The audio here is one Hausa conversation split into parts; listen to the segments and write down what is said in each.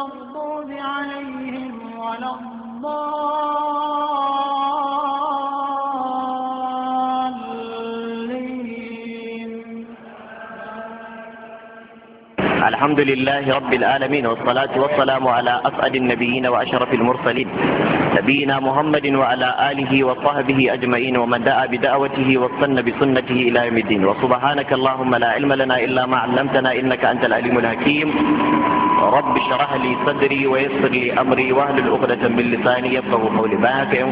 المغضوب عليهم ولا الحمد لله رب العالمين والصلاة والسلام على أسعد النبيين وأشرف المرسلين نبينا محمد وعلى آله وصحبه أجمعين ومن دعا بدعوته واستنى بسنته إلى يوم الدين وسبحانك اللهم لا علم لنا إلا ما علمتنا إنك أنت العليم الحكيم رب اشرح لي صدري ويسر لي أمري وأهل العقدة من لساني يفقه قولي باك يا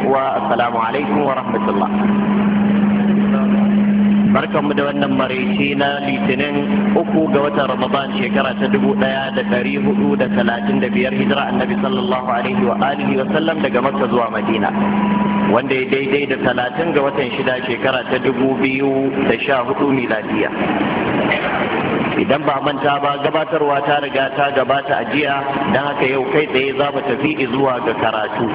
السلام عليكم ورحمة الله barkanmu da wannan maraice na litinin uku ga watan ramadan shekara ta dubu daya da dari hudu da talatin da biyar hijira annabi sallallahu alaihi wa alihi wa sallam daga makka zuwa madina wanda ya daidai da talatin ga watan shida shekara ta dubu biyu da sha hudu miladiya idan ba manta ba gabatarwa ta riga ta gabata a jiya don haka yau kai tsaye za mu tafi zuwa ga karatu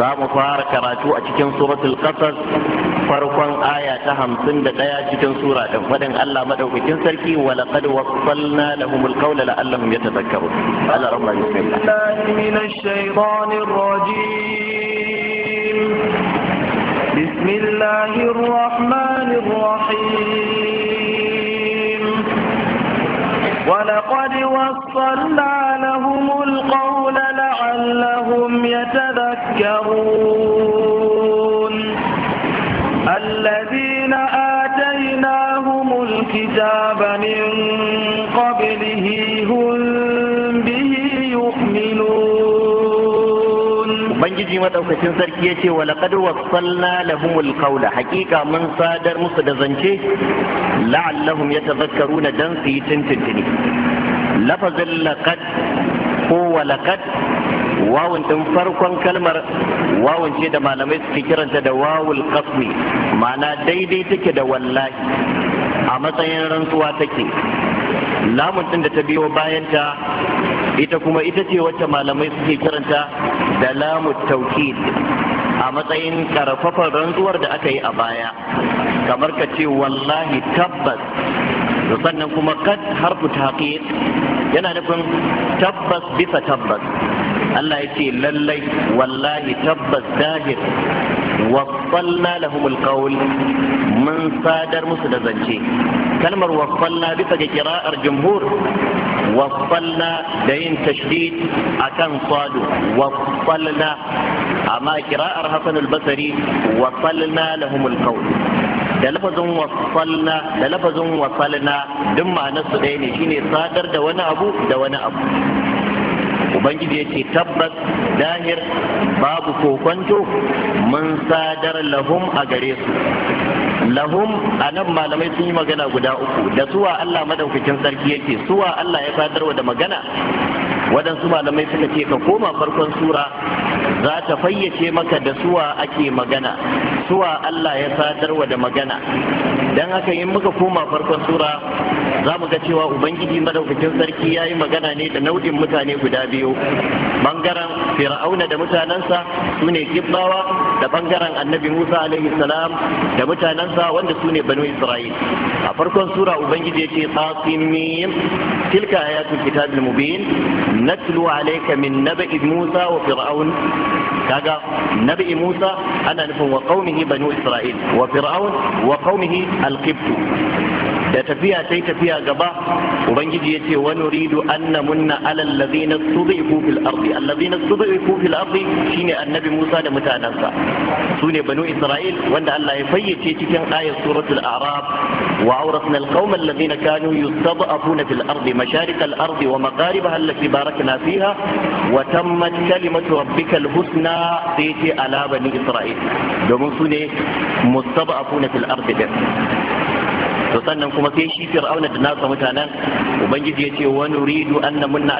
za mu fara karatu a cikin suratul qasas farkon aya ta hamsin da ɗaya cikin sura ɗin faɗin Allah maɗaukakin sarki wa laqad wassalna lahum alqawla la'allahum yatadhakkarun Allah rabba bismillah minash shaitanir rajim bismillahir rahmanir rahim wa laqad wassalna lahum alqawla la'allahum yatadhakkarun الكتاب من قبله هم به يؤمنون بنجي مدوكتين سركي يتي ولقد وصلنا لهم القول حقيقة من صادر مصدزنشي لعلهم يتذكرون دنسي تنتنتني لفظ لقد هو لقد wawun ɗin farkon kalmar wawun ce da malamai suke kiranta da wawul kasmi ma'ana daidai take da wallahi a matsayin rantsuwa take lamun ɗin da ta biyo bayanta ita kuma ita ce wacce malamai suke karanta da lamu tauki a matsayin karfafar rantsuwar da aka yi a baya kamar ka ce wallahi tabbas sannan kuma kad harfu taqiq yana nufin tabbas bisa tabbas الله يتي للي والله تب الزاجر وصلنا لهم القول من صادر مسدزنجي كلمة وصلنا بفج قراءة الجمهور وصلنا دين تشديد أكن صادو وصلنا أما قراءة حسن البصري وصلنا لهم القول لفظ وصلنا لفظ وصلنا دم نص دين شيني صادر دون أبو دون أبو ubangiji ya ce tabbas dahir babu kokonto mun sadar lahum a gare su lahum a nan malamai sun yi magana guda uku da suwa Allah madaukakin sarki yake suwa Allah ya sadarwa da magana waɗansu malamai suka ce ka koma farkon sura za ta fayyace maka da suwa ake magana suwa Allah ya sadarwa da magana don haka yin muka koma farkon sura za mu ga cewa ubangiji madaukakin sarki ya yi magana ne da nau'in mutane guda biyu bangaren fir'auna da mutanensa su ne kibbawa da bangaren annabi musa alaihi salam da mutanensa wanda su ne banu isra'il a farkon sura ubangiji ya ce tsasimim tilka ayatul kitabil mubin natlu alayka min naba'i musa wa fir'aun kaga naba'i musa ana nufin wa qaumihi banu isra'il wa fir'aun wa qaumihi al da tafiya ta yi tafiya gaba ubangiji ya ce wani ridu an na munna alal lazina stud'ifu fil ardi allazina stud'ifu fil ardi shine annabi Musa da mutanansa su ne banu Isra'il wanda Allah ya fayyace cikin ayar suratul a'rab wa awrasna alqawma allazina kanu yustad'afuna fil ardi masharik al ardi wa maqaribaha allati barakna fiha wa tammat kalimatu rabbikal husna sai ala bani Isra'il domin su ne mustad'afuna fil ardi to sannan kuma sai shi fir'auna da nasa mutanen ubangiji ya ce wa nuridu an